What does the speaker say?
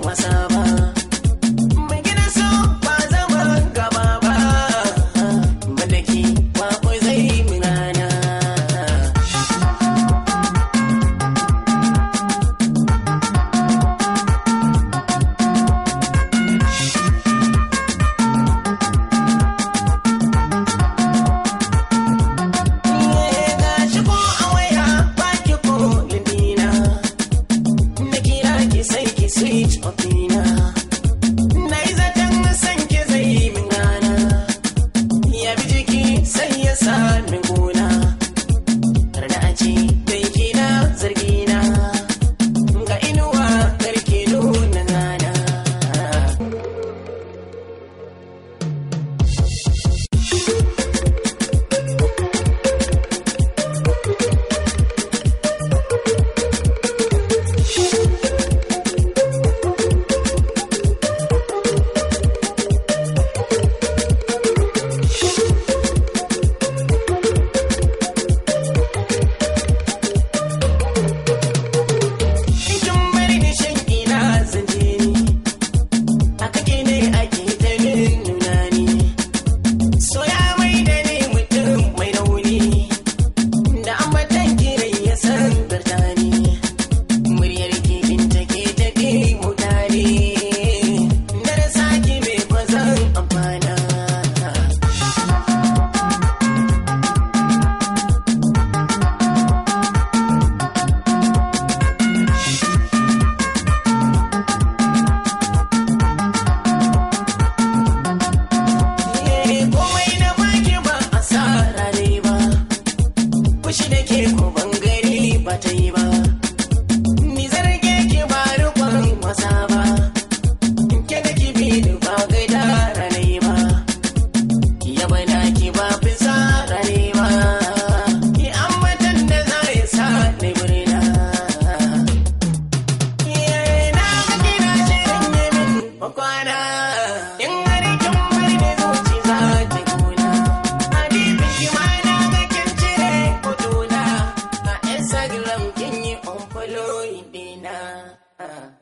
What's up? kwana in har kin mai ne zuci za ta kuna habibi shi ma na ga kin cire kuduna a instagram kin yi on follow